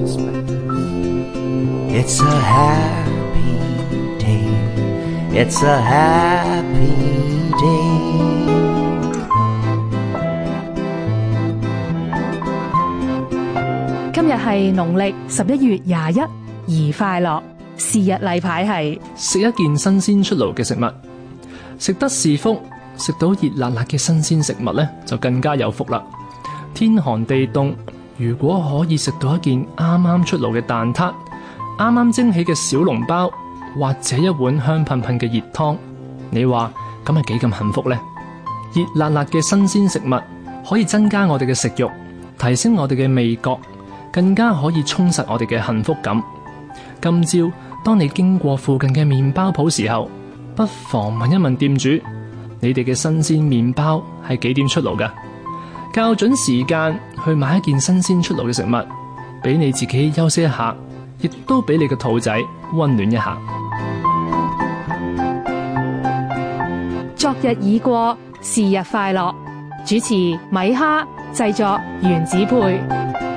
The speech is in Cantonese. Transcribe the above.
It's a happy day. It's a happy day. 今日係農曆十一月廿一，而快樂。是日例牌係食一件新鮮出爐嘅食物，食得是福，食到熱辣辣嘅新鮮食物咧，就更加有福啦！天寒地凍。如果可以食到一件啱啱出爐嘅蛋撻、啱啱蒸起嘅小籠包，或者一碗香噴噴嘅熱湯，你話咁係幾咁幸福呢？熱辣辣嘅新鮮食物可以增加我哋嘅食欲，提升我哋嘅味覺，更加可以充實我哋嘅幸福感。今朝當你經過附近嘅麵包鋪時候，不妨問一問店主，你哋嘅新鮮麵包係幾點出爐㗎？校準時間去買一件新鮮出爐嘅食物，俾你自己休息一下，亦都俾你嘅肚仔溫暖一下。昨日已過，是日快樂。主持米哈，製作原子配。